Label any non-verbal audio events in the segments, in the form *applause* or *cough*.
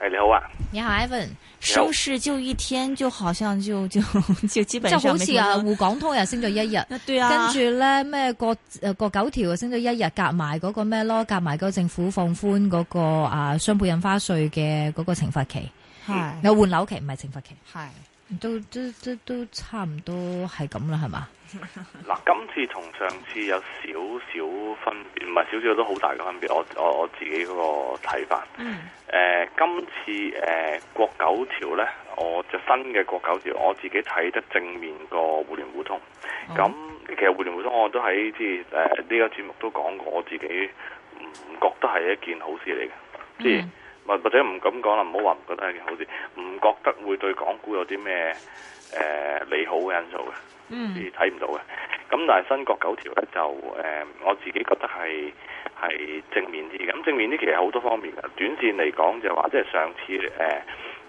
係、hey, 你好啊，你好 Evan，好收市就一天，就好像就就就基本上，就好似 *laughs* 像 *laughs* 啊，滬港通又升咗一日， *laughs* 啊、跟住咧咩個誒個，個九條又升咗一日，夾埋嗰個咩咯，夾埋個政府放寬嗰、那個啊雙倍印花稅嘅嗰個懲罰期，係有換樓期，唔係懲罰期，係。都都都都差唔多係咁啦，係嘛？嗱，今次同上次有少少分別，唔係少少都好大嘅分別。我我我自己嗰個睇法。嗯。誒，今次誒國九條咧，我就新嘅國九條，我自己睇、嗯呃呃、得正面過互聯互通。咁、哦、其實互聯互通，我都喺即係誒呢個節目都講過，我自己唔覺得係一件好事嚟嘅，即係、嗯。或者唔敢講啦，唔好話唔覺得係件好事，唔覺得會對港股有啲咩誒利好嘅因素嘅，嗯，睇唔到嘅。咁、嗯、但係新國九條咧就誒、呃，我自己覺得係係正面啲。咁正面啲其實好多方面嘅，短線嚟講就話即係上次誒誒、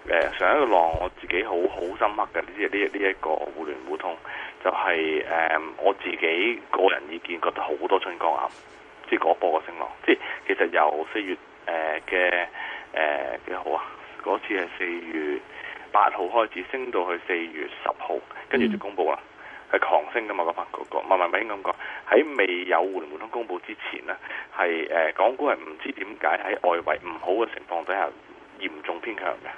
呃、上一個浪，我自己好好深刻嘅呢啲呢呢一個互聯互通，就係、是、誒、呃、我自己個人意見覺得好多春光啊，即係嗰波嘅升浪，即、就、係、是、其實由四月。誒嘅誒幾好啊？嗰次係四月八號開始升到去四月十號，跟住就公布啦，係、嗯、狂升噶嘛嗰班嗰個唔係唔係咁講，喺未有互聯互通公布之前呢，係誒、呃、港股係唔知點解喺外圍唔好嘅情況底下嚴重偏強嘅，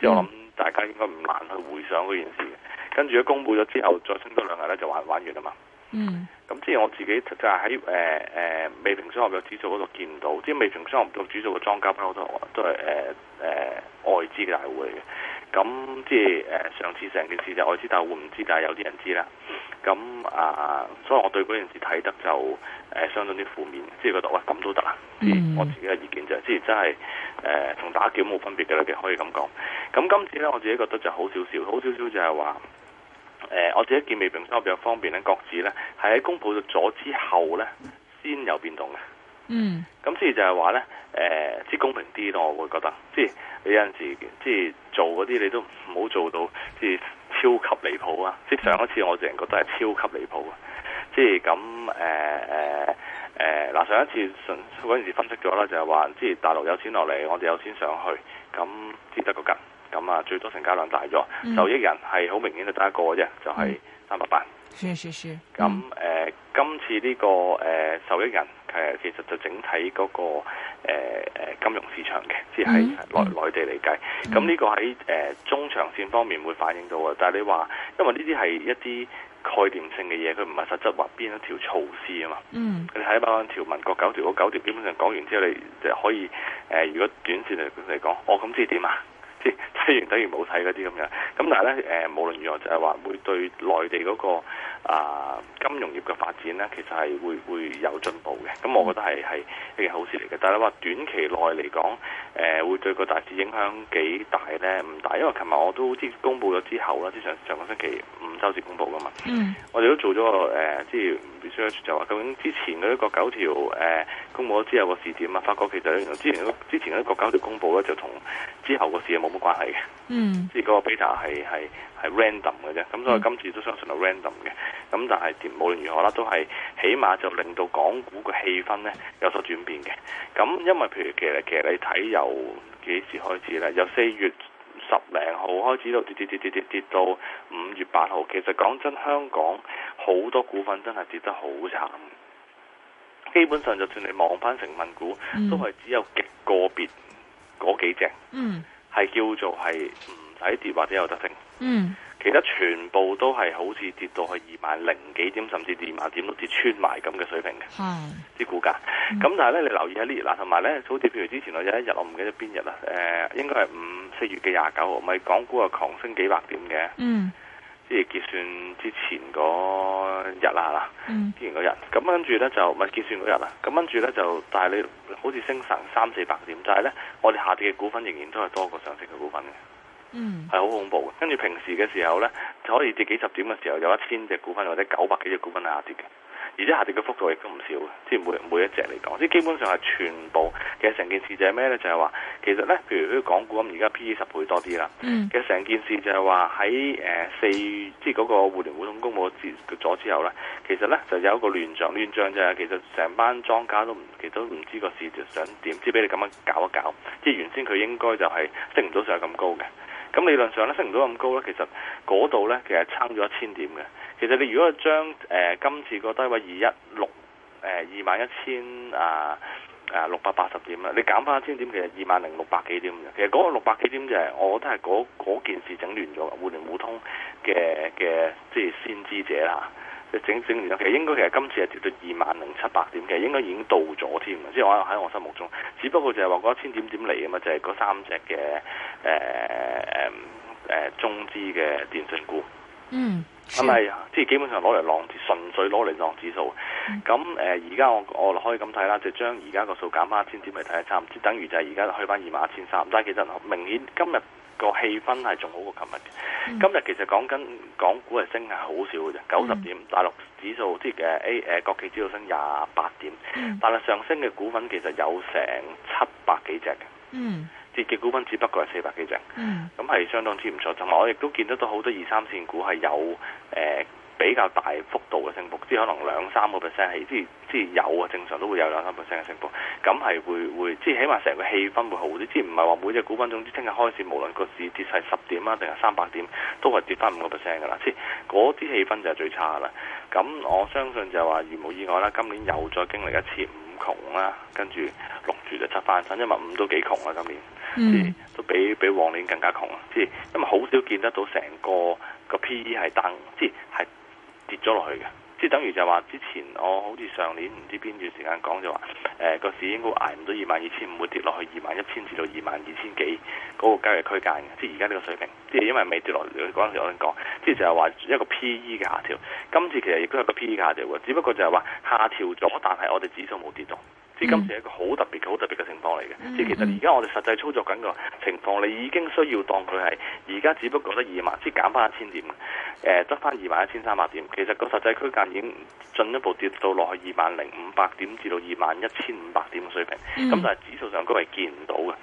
嗯、我諗大家應該唔難去回想嗰件事嘅。跟住一公布咗之後再升多兩日咧，就玩玩完啦嘛。嗯。咁即係我自己就喺誒誒美平商關嘅指數嗰度見到，即係美平商關嘅指數嘅莊家嗰都係誒誒外資大會嘅。咁即係誒上次成件事就外資大會唔知，但係有啲人知啦。咁啊、呃，所以我對嗰件事睇得就誒、呃、相當之負面，即、就、係、是、覺得喂咁、呃、都得啊。嗯、我自己嘅意見就係、是，即、就、係、是、真係誒同打劫冇分別嘅啦，可以咁講。咁今次咧，我自己覺得就好少少，好少少，少就係話。誒，我自己見未平收比較方便咧，各自咧係喺公佈咗之後咧先有變動嘅。嗯，咁即係就係話咧，誒、呃，即公平啲咯，我會覺得，即係你有陣時即做嗰啲，你都唔好做到即係超級離譜啊！即係上一次我淨係覺得係超級離譜啊。即咁誒誒誒，嗱、呃呃、上一次嗰陣時分析咗啦，就係話，即大陸有錢落嚟，我哋有錢上去，咁只得個吉。咁啊，最多成交量大咗，受益人係好明顯就得一個嘅啫，就係三百萬。咁誒，今次呢個誒受益人誒，其實就整體嗰、那個誒、呃、金融市場嘅，即係內、嗯、內地嚟計。咁呢、嗯、個喺誒、呃、中長線方面會反映到啊。但係你話，因為呢啲係一啲概念性嘅嘢，佢唔係實質話邊一條措施啊嘛。嗯。你睇一百萬條文，個九條九條基本上講完之後，你就可以誒、呃，如果短線嚟嚟講，我咁知點啊？即睇完等於冇睇嗰啲咁樣，咁但係咧誒，無論如何就係、是、話會對內地嗰、那個啊、呃、金融業嘅發展咧，其實係會會有進步嘅。咁我覺得係係一件好事嚟嘅。但係你話短期內嚟講，誒、呃、會對個大市影響幾大咧？唔大，因為琴日我都知公佈咗之後啦，即上上個星期五週先公佈噶嘛。嗯，我哋都做咗個誒，即、呃、research 就話究竟之前嗰一個九條誒、呃、公佈咗之後個試點啊，發覺其實之前之前嗰啲九條公佈咧，就同之後個試冇。冇關係嘅，即係嗰個 beta 係係係 random 嘅啫，咁所以我今次都相信係 random 嘅。咁但係，無論如何啦，都係起碼就令到港股嘅氣氛咧有所轉變嘅。咁因為譬如其實其實你睇由幾時開始咧，由四月十零號開始到跌跌跌跌跌跌到五月八號，其實講真，香港好多股份真係跌得好慘，基本上就算你望翻成分股，都係只有極個別嗰幾隻。嗯。係叫做係唔使跌或者有得升，嗯，其他全部都係好似跌到去二萬零幾點，甚至二萬點都跌穿埋咁嘅水平嘅，係啲、嗯、股價。咁、嗯、但係咧，你留意下呢，嗱，同埋咧，好似譬如之前我有一我、呃、5, 日，我唔記得邊日啦，誒，應該係五四月嘅廿九號，咪港股啊狂升幾百點嘅，嗯。即係結算之前嗰日啦，嗯，之前嗰日，咁跟住咧就咪結算嗰日啦，咁跟住咧就，但係你好似升成三四百點，但係咧我哋下跌嘅股份仍然都係多過上升嘅股份嘅，嗯，係好恐怖嘅。跟住平時嘅時候咧，就可以跌幾十點嘅時候，有一千隻股份或者九百幾隻股份係下跌嘅。而且下跌嘅幅度亦都唔少，即係每每一隻嚟講，即係基本上係全部。其實成件事就係咩咧？就係、是、話其實咧，譬如啲港股咁，而家 P E 十倍多啲啦、嗯呃。其實成件事就係話喺誒四，即係嗰個互聯互通公佈咗之後咧，其實咧就有一個亂象，亂象就係其實成班莊家都唔，其實都唔知個市想點，只俾你咁樣搞一搞。即係原先佢應該就係升唔到上咁高嘅。咁理論上咧，升唔到咁高咧，其實嗰度咧，其實撐咗一千點嘅。其實你如果將誒、呃、今次個低位二一六誒二萬一千啊啊六百八十點啦，你減翻一千點，其實二萬零六百幾點咁其實嗰個六百幾點就係、係，我覺得係嗰件事整亂咗嘅，互聯互,互,互通嘅嘅即係先知者啦。整整,整亂咗。其實應該其實今次係跌到二萬零七百點嘅，其實應該已經到咗添。即係我喺我心目中，只不過就係話嗰一千點點嚟啊嘛，就係、係、嗰三隻嘅誒誒誒中資嘅電信股。嗯。係咪？即係、嗯、基本上攞嚟浪，純粹攞嚟浪指數。咁誒、嗯，而家、嗯、我我可以咁睇啦，就將而家個數減翻一千點嚟睇下，差唔多，等於就係而家去翻二萬一千三。但係其實明顯今日個氣氛係仲好過琴日嘅。嗯、今日其實講緊港股係升係好少嘅啫，九十點。嗯、大陸指數即係 A 誒國企指數升廿八點，嗯、但係上升嘅股份其實有成七百幾隻嘅。嗯，跌嘅股份只不過係四百幾隻，咁係、嗯、相當之唔錯。同埋我亦都見得到好多二三線股係有，誒、呃。比較大幅度嘅升幅，即係可能兩三個 percent，起，即係即係有啊，正常都會有兩三個 percent 嘅升幅，咁係會會，即係起碼成個氣氛會好啲。即係唔係話每隻股份，總之聽日開市，無論個市跌曬十點啊，定係三百點，都係跌翻五個 percent 㗎啦。即係嗰啲氣氛就係最差啦。咁我相信就係話，如無意外啦，今年又再經歷一次五窮啦，跟住六絕就七翻身，因為五都幾窮啊，今年、mm.，即係都比比往年更加窮啊。即係因為好少見得到成個個 PE 係單，即係係。跌咗落去嘅，即係等於就話之前我好似上年唔知邊段時間講就話，誒、呃、個市應該捱唔到二萬二千五，會跌落去二萬一千至到二萬二千幾嗰個交易區間嘅，即係而家呢個水平，即係因為未跌落，嗰陣時我講，即係就係話一個 P E 嘅下調，今次其實亦都係個 P E 嘅下調，只不過就係話下調咗，但係我哋指數冇跌到。嗯、今次係一個好特別、好特別嘅情況嚟嘅，即係、嗯嗯、其實而家我哋實際操作緊個情況，你、嗯嗯、已經需要當佢係而家只不過得二萬，即係減翻一千點，誒得翻二萬一千三百點。其實個實際區間已經進一步跌到落去二萬零五百點至到二萬一千五百點嘅水平，咁、嗯、但係指數上高係見唔到嘅，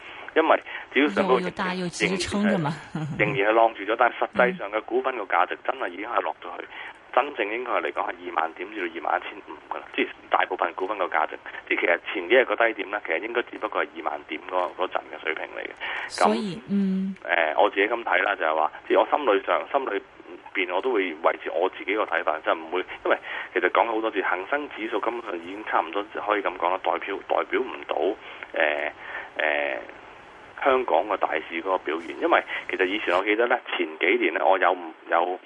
因為只要上高 *laughs* 仍然係仍然係晾住咗，但係實際上嘅股份個價值真係已經係落咗去。嗯嗯真正應該係嚟講係二萬點至到二萬一千五噶啦，即、就、係、是、大部分股份個價值。即係其實前幾日個低點咧，其實應該只不過係二萬點嗰、那個、陣嘅水平嚟嘅。咁以，那嗯，誒、呃，我自己咁睇啦，就係、是、話，即係我心裏上心裏邊，我都會維持我自己個睇法，就唔、是、會，因為其實講好多次，恒生指數根本上已經差唔多可以咁講啦，代表代表唔到誒誒香港個大市嗰個表現，因為其實以前我記得咧，前幾年咧，我有唔有。有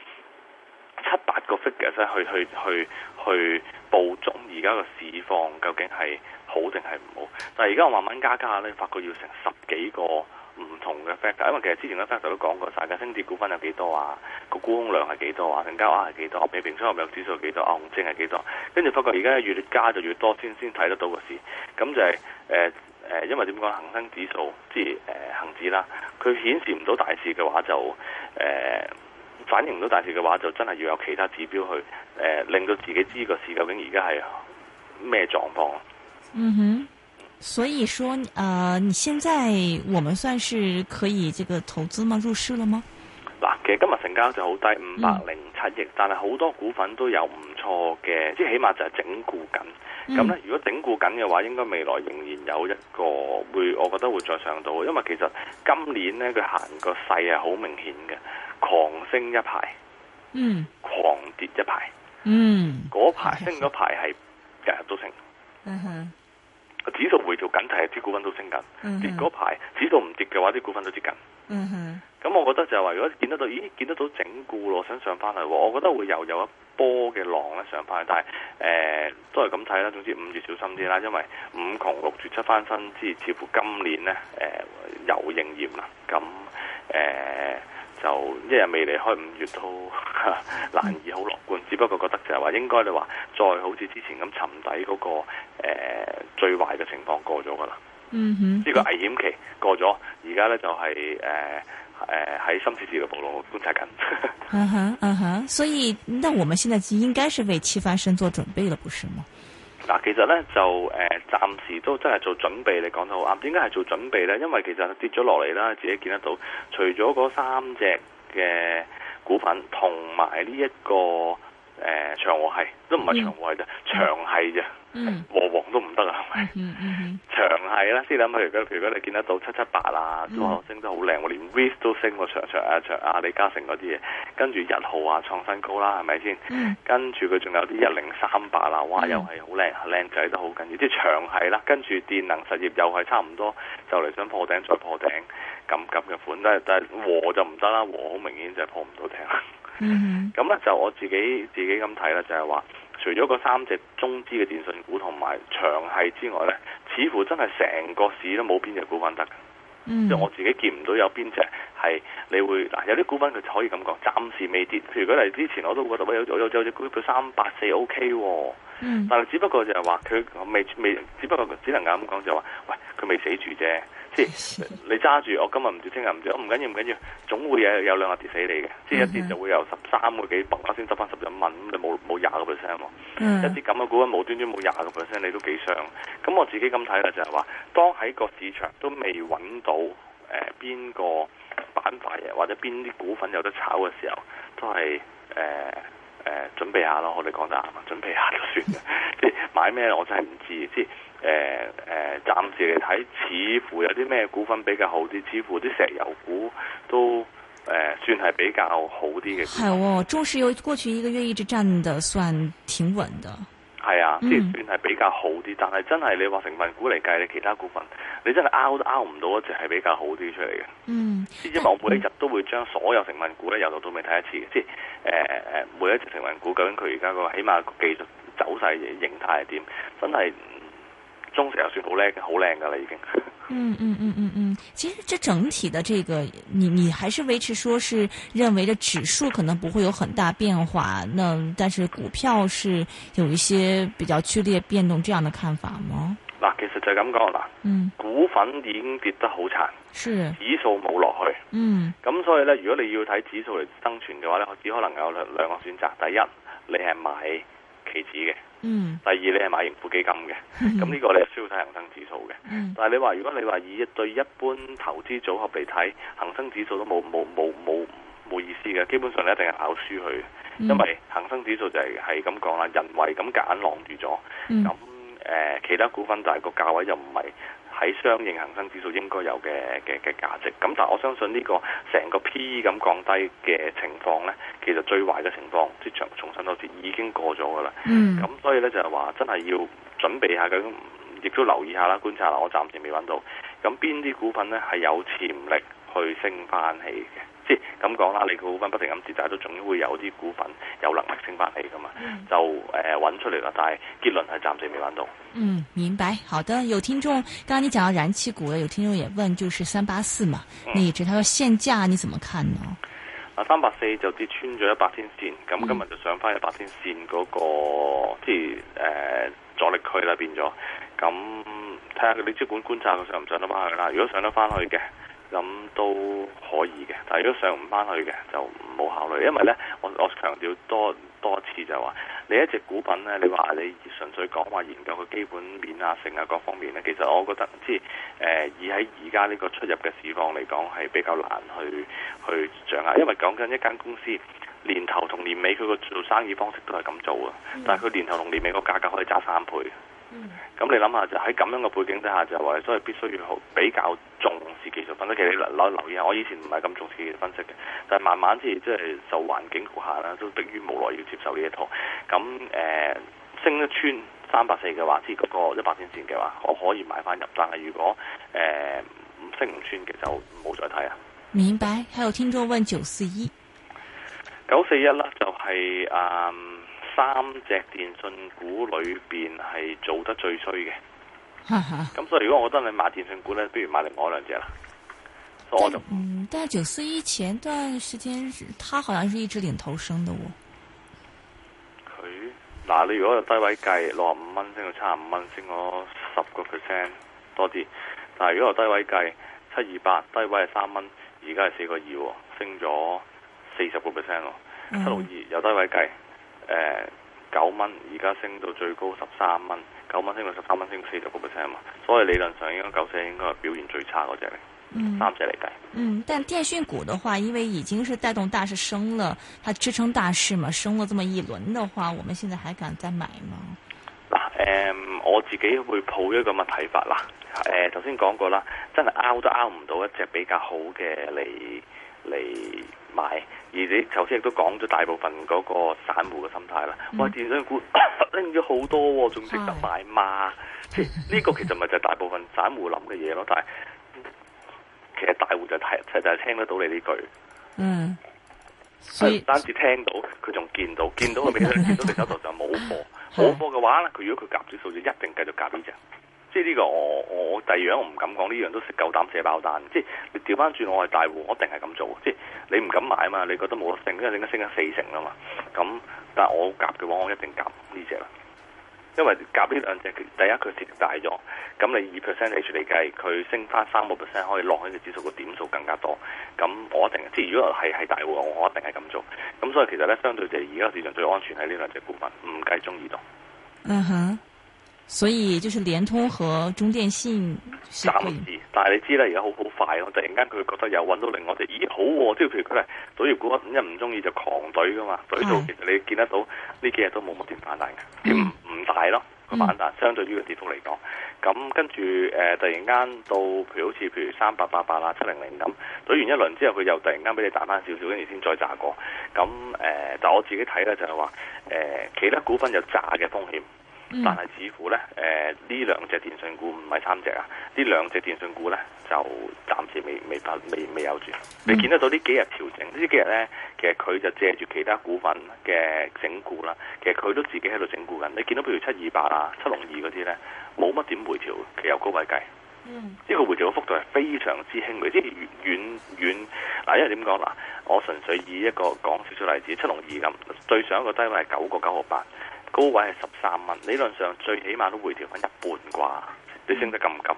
七八個 figure 去去去去捕捉而家個市況究竟係好定係唔好。但係而家我慢慢加加咧，發覺要成十幾個唔同嘅 figure 因為其實之前啲 figure 都講過曬嘅，升跌股份有幾多啊，個沽空量係幾多啊，成交額係幾多、啊，未平倉合約有,有指數幾多，啊，恆指係幾多、啊。跟住發覺而家越加就越多先先睇得到個市。咁就係誒誒，因為點講？恒生指數即係誒、呃、恆指啦，佢顯示唔到大市嘅話就誒。呃反映唔到大市嘅話，就真係要有其他指標去，呃、令到自己知個市究竟而家係咩狀況。嗯哼，所以說，誒、呃，你現在我們算是可以這個投資嗎？入市了嗎？嗱，其實今日成交就好低，五百零七億，嗯，但係好多股份都有唔錯嘅，即係起碼就係整固緊。咁咧、嗯，如果整固緊嘅話，應該未來仍然有一個會，我覺得會再上到，因為其實今年咧佢行個勢係好明顯嘅。狂升一排，嗯，狂跌一排，嗯，嗰排升嗰 *laughs* 排係日日都升，嗯哼，指數回調緊，睇係啲股份都升緊，跌嗰排指數唔跌嘅話，啲股份都跌緊，嗯哼，咁我覺得就係話如果見得到，咦，見得到整固，咯，想上翻去，我覺得會又有一波嘅浪咧上翻去，但係誒、呃、都係咁睇啦，總之五月小心啲啦，因為五窮六絕七翻身之，似乎今年咧誒、呃呃、有應驗啦，咁誒。呃呃就一日未離開五月都難以好樂觀，嗯、只不過覺得就係話應該你話再好似之前咁沉底嗰、那個、呃、最壞嘅情況過咗㗎喇，嗯哼，呢個危險期過咗，而家咧就係誒誒喺深切治療部度觀察緊，嗯哼嗯哼，huh, uh huh. 所以那我們現在應該是為七翻身做準備了，不是嗎？嗱，其實咧就誒、呃，暫時都真係做準備。你講得好啱，點解係做準備咧？因為其實跌咗落嚟啦，自己見得到。除咗嗰三隻嘅股份，同埋呢一個誒、呃、長和系都唔係長和系、嗯、長係啫。嗯、和黃都唔得啊，係咪？長系啦，即係諗，譬如講，譬如講你見得到七七八啦、啊，都升得好靚，嗯、連 V 都升過長長啊長啊李嘉誠嗰啲嘢，跟住日號啊創新高啦，係咪先？嗯、跟住佢仲有啲一零三八啊，哇，又係好靚，靚仔都好緊要。即係長系啦，跟住電能實業又係差唔多，就嚟想破頂再破頂，咁咁嘅款，但係但係和就唔得啦，和好明顯就係破唔到頂。嗯，咁、嗯、咧就我自己自己咁睇啦，就係、是、話。除咗嗰三隻中資嘅電信股同埋長係之外咧，似乎真係成個市都冇邊隻股份得嘅。嗯，就我自己見唔到有邊隻係你會嗱，有啲股份佢可以咁講，暫時未跌。譬如果嚟之前我都覺得喂，有有有隻股票三百四 OK、哦嗯、但係只不過就係話佢未未，只不過只能夠咁講就係話，喂佢未死住啫。即係你揸住，我今日唔知聽日唔知，住，唔緊要，唔緊要，總會有有兩下跌死你嘅。即係、mm hmm. 一跌就會有十三個幾，百，下先執翻十、mm hmm. 一蚊，咁就冇冇廿個 percent。一啲咁嘅股份無端端冇廿個 percent，你都幾傷。咁我自己咁睇咧就係話，當喺個市場都未揾到誒邊、呃、個板塊嘅，或者邊啲股份有得炒嘅時候，都係誒誒準備下咯。我哋講得啱啊，準備下都算啦。即係買咩，我，mm hmm. 我真係唔知。即係。誒誒，暫時嚟睇，似乎有啲咩股份比較好啲，似乎啲石油股都誒算係比較好啲嘅。係中石油過去一個月一直站得算挺穩嘅。係 *noise* 啊，即係算係比較好啲，但係真係你話成分股嚟計，你其他股份，你真係拗都拗唔到一隻係比較好啲出嚟嘅。 *noise* 嗯，因為我每日都會將所有成分股咧由頭到尾睇一次嘅，即係誒誒每一隻成分股究竟佢而家個起碼技術走勢形態係點，真係。嗯中石油算好叻嘅，好靚噶啦，已經。嗯嗯嗯嗯嗯，其實這整體的這個，你你還是維持說是認為這指數可能不會有很大變化，那但是股票是有一些比較劇烈變動，這樣的看法嗎？嗱，其實就係咁講啦。嗯。股份已經跌得好殘。是。指數冇落去。嗯。咁所以呢，如果你要睇指數嚟生存嘅話呢我只可能有兩兩個選擇，第一，你係買。期指嘅，第二你係買盈富基金嘅，咁呢個你係需要睇恒生指數嘅。 *laughs* 但係你話如果你話以對一般投資組合嚟睇，恒生指數都冇冇冇冇冇意思嘅，基本上你一定係咬輸去，因為恒生指數就係係咁講啦，人為咁夾硬晾住咗，咁誒、呃、其他股份就係個價位又唔係。喺相應恒生指數應該有嘅嘅嘅價值，咁但係我相信呢個成個 PE 咁降低嘅情況呢，其實最壞嘅情況，即係重申多次已經過咗㗎啦。嗯，咁所以呢，就係話真係要準備下嘅，亦都留意下啦。觀察下，我暫時未揾到咁邊啲股份呢係有潛力去升翻起嘅。咁講啦，你個股份不停咁跌，但係都總會有啲股份有能力升翻起噶嘛，就誒搵出嚟啦。但係結論係暫時未搵到。嗯，明白。好的，有聽眾，剛才你講到燃氣股，有聽眾也問，就是三八四嘛，你只、嗯，直他說現價，你怎麼看呢？嗯、啊，三八四就跌穿咗一百天線，咁今日就上翻一百天線嗰、那個即係誒阻力區啦，變咗。咁睇下你即管觀察佢上唔上得翻去啦。如果上得翻去嘅。咁都可以嘅，但係如果上唔翻去嘅就冇考慮，因為呢，我我強調多多一次就話，你一隻股品呢，你話你純粹講話研究個基本面啊、性啊各方面呢，其實我覺得即係誒，而喺而家呢個出入嘅市況嚟講係比較難去去掌握，因為講緊一間公司年頭同年尾佢個做生意方式都係咁做啊，但係佢年頭同年尾個價格可以差三倍。嗯，咁你諗下就喺、是、咁樣嘅背景底下就話、是，所以必須要好比較重視技術分析。其實你留留意下，我以前唔係咁重視分析嘅，但、就、係、是、慢慢即係即係受環境局限啦，都迫於無奈要接受呢一套。咁誒、呃，升一穿三百四嘅話，即係嗰個一百天線嘅話，我可以買翻入。但係如果誒唔、呃、升唔穿嘅，就唔好再睇啦。明白。還有聽眾問九四一，九四一啦，就係誒。三隻電訊股裏邊係做得最衰嘅，咁 *laughs* 所以如果我覺得你買電訊股咧，不如買另外兩隻啦。但嗯，但九四一前段時間，佢好像係一支領頭升的喎、哦。佢嗱、呃，你如果有低位計六十五蚊升到七十五蚊，升咗十個 percent 多啲。但係如果有低位計七二八低位係三蚊，而家係四個二、哦，升咗四十個 percent 喎。七六二有低位計。誒、呃，九蚊，而家升到最高十三蚊，九蚊升到十三蚊，升四十個 percent 啊嘛，所以理論上應該九四應該係表現最差嗰隻嚟，嗯、三隻嚟計。嗯，但電訊股嘅話，因為已經是帶動大市升了，它支撐大市嘛，升咗這麼一輪嘅話，我們現在還敢再買嘛？嗱、呃，誒、呃，我自己會抱一個咁嘅睇法啦。誒、呃，頭先講過啦，真係拗都拗唔到一隻比較好嘅嚟。嚟買，而你頭先亦都講咗大部分嗰個散戶嘅心態啦。哇、嗯，電商股拎咗好多、哦，仲值得買嘛？呢的、欸這個其實咪就係大部分散戶諗嘅嘢咯。但係其實大戶就睇實、是、就係、是、聽得到你呢句。嗯，係唔單止聽到，佢仲見到，見到佢未見到你手頭就冇貨，冇貨嘅話咧，佢如果佢夾住數字，一定繼續夾呢隻。即係呢個我我第二樣我唔敢講，呢樣都食夠膽寫爆單。即係你調翻轉我係大戶，我一定係咁做。即係你唔敢買嘛？你覺得冇得升，因為已經升咗四成啦嘛。咁但係我夾嘅話，我一定夾呢隻啦。因為夾呢兩隻，第一佢市值大咗，咁你以 percentage 嚟計，佢升翻三個 percent 可以落去隻指數個點數更加多。咁我一定，即係如果係係大戶，我我一定係咁做。咁所以其實咧，相對地而家市場最安全係呢兩隻股份，唔計中移動。嗯哼、mm。Hmm. 所以就是聯通和中電信三暫時，但係你知啦，而家好好快咯，突然間佢覺得又搵到另外啲，咦好，哦，即係譬如佢係，賭業股一唔中意就狂懟噶嘛，懟是到其實你見得到呢幾日都冇乜點反彈嘅，點唔、嗯、大咯個、嗯、反彈相對於個跌幅嚟講，咁跟住誒突然間到譬如好似譬如三八八八啦七零零咁懟完一輪之後佢又突然間俾你彈翻少少，跟住先再炸過，咁、嗯、誒、呃、但我自己睇咧就係話誒其他股份有炸嘅風險。但係似乎咧，誒呢兩隻電訊股唔係三隻啊！呢兩隻電訊股咧就暫時未未發未未有住。你見得到呢幾日調整？呢幾日咧，其實佢就借住其他股份嘅整固啦。其實佢都自己喺度整固緊。你見到譬如七二八啊、七六二嗰啲咧，冇乜點回調，由高位計，嗯，呢個回調嘅幅度係非常之輕微，即係遠遠遠嗱。因為點講嗱？我純粹以一個講少少例子，七六二咁最上一個低位係九個九毫八。8, 高位係十三蚊，理論上最起碼都回調翻一半啩。你升得咁急，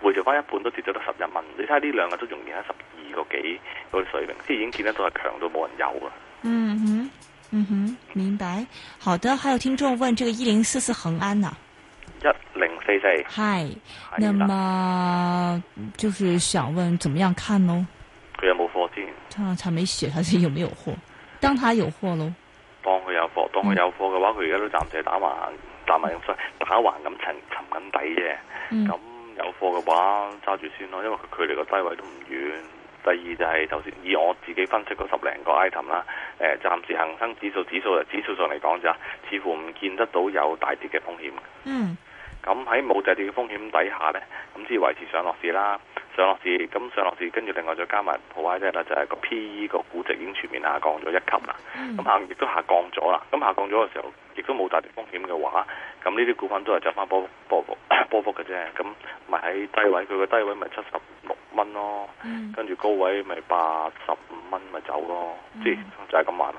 回調翻一半都跌咗到十一蚊，你睇下呢兩個都容易，喺十二個幾嗰啲水平，即係已經見得到係強到冇人有啊、嗯。嗯哼，嗯哼，明白。好的，還有聽眾問，這個一零四四恒安啊，一零四四，嗨，那麼就是想問，怎麼樣看咯？佢有冇貨先？他他沒寫，還是有沒有貨？當他有貨咯？當佢有貨。嗯、當佢有貨嘅話，佢而家都暫時打橫，打橫咁打橫咁沉，沉緊底啫。咁、嗯、有貨嘅話，揸住先咯。因為佢距離個低位都唔遠。第二就係頭先，以我自己分析過十零個 item 啦，誒、呃，暫時恒生指數、指數、指數上嚟講就，似乎唔見得到有大跌嘅風險。嗯。咁喺冇大跌嘅風險底下咧，咁先維持上落市啦，上落市，咁上落市，跟住另外再加埋好嘅咧，就係、是、個 P E 個估值已經全面下降咗一級啦，咁下亦都下降咗啦，咁下降咗嘅時候，亦都冇大跌風險嘅話，咁呢啲股份都係走翻波波幅波幅嘅啫，咁咪喺低位，佢個低位咪七十六蚊咯，跟住、嗯、高位咪八十五蚊咪走咯，即、嗯、就係咁話咯。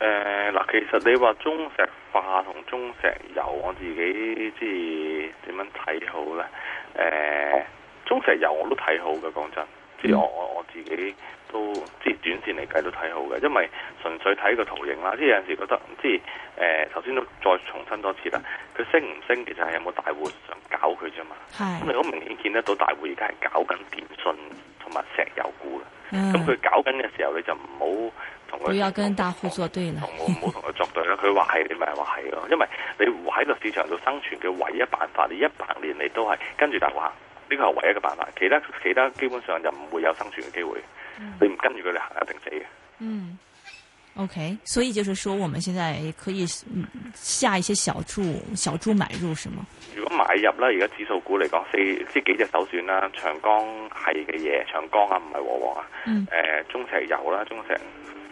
誒，嗱、呃，其實你話中石化同中石油，我自己即係點樣睇好咧？誒、呃，中石油我都睇好嘅，講真，即係我我我自己。都即係短線嚟計都睇好嘅，因為純粹睇個圖形啦。即係有陣時覺得，即係誒，呃、頭先都再重申多次啦。佢升唔升其實係有冇大戶想搞佢啫嘛。咁你是如果明顯見得到大戶而家係搞緊電信同埋石油股嘅，咁佢、嗯、搞緊嘅時候你就唔好同佢。唔好跟大戶作對啦。好唔好同佢作對啦。佢話係你咪話係咯。因為你喺個市場度生存嘅唯一辦法，你一百年你都係跟住大戶行，呢個係唯一嘅辦法。其他其他基本上就唔會有生存嘅機會。你唔跟住佢哋行一定死嘅。嗯，OK，所以就是說，我們現在可以、嗯、下一些小注，小注買入，是嗎？如果買入啦，而家指數股嚟講，四即係幾隻首選啦，長江系嘅嘢，長江啊，唔係和黃啊，誒、嗯、呃，中石油啦，中石。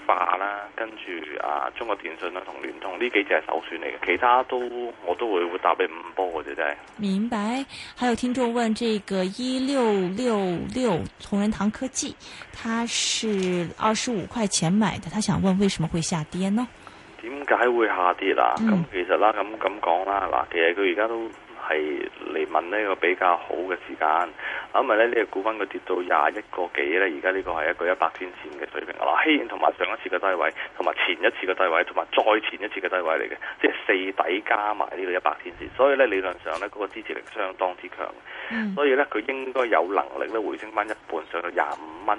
霸啦，跟住啊，中國電信啦、啊、同聯通呢幾隻係首選嚟嘅，其他都我都會會打俾五波嘅啫啫。真明白。還有聽眾問，這個一六六六同仁堂科技，它是二十五塊錢買的，他想問為什麼會下跌呢？點解會下跌啦、啊？咁、嗯啊、其實啦，咁咁講啦，嗱，其實佢而家都。係嚟問呢個比較好嘅時間，因為咧呢個股份佢跌到廿一個幾咧，而家呢個係一個一百天線嘅水平啦。雖同埋上一次嘅低位，同埋前一次嘅低位，同埋再前一次嘅低位嚟嘅，即係四底加埋呢個一百天線，所以咧理論上咧嗰個支持力相當之強，嗯、所以咧佢應該有能力咧回升翻一半，上到廿五蚊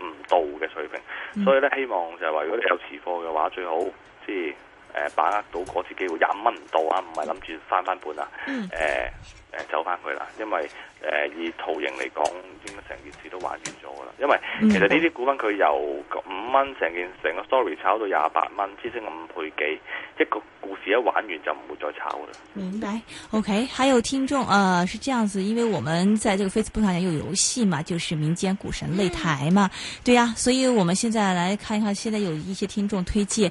唔到嘅水平。所以咧希望就係話，如果你有持貨嘅話，最好即係。呃、把握到嗰次機會，廿五蚊唔到啊，唔係諗住翻翻本啊，誒、呃、誒、呃，走翻去啦，因為誒、呃、以圖形嚟講，應該成件事都玩完咗啦。因為其實呢啲股份佢由五蚊，成件成個 story 炒到廿八蚊，只升五倍幾，一個故事一玩完就唔會再炒啦。明白，OK。還有聽眾，呃，是這樣子，因為我們在這個 Facebook 上有遊戲嘛，就是民間股神擂台嘛，對呀、啊，所以我們現在來看一看，現在有一些聽眾推介，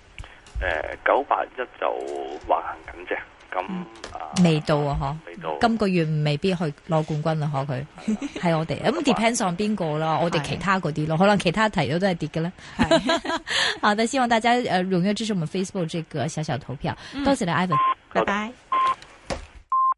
誒，九八一就橫行緊啫，咁、嗯、啊未到啊，嗬、啊，未到，今個月未必去攞冠軍啊。嗬，佢係、啊、 *laughs* 我哋，咁 *laughs* depends on 邊個咯，我哋其他嗰啲咯，是可能其他提到都係跌嘅咧。是 *laughs* *laughs* 好，但希望大家誒踴躍支持我哋 Facebook 這個小小投票。Mm hmm. 多謝你，Ivan，拜拜。Bye.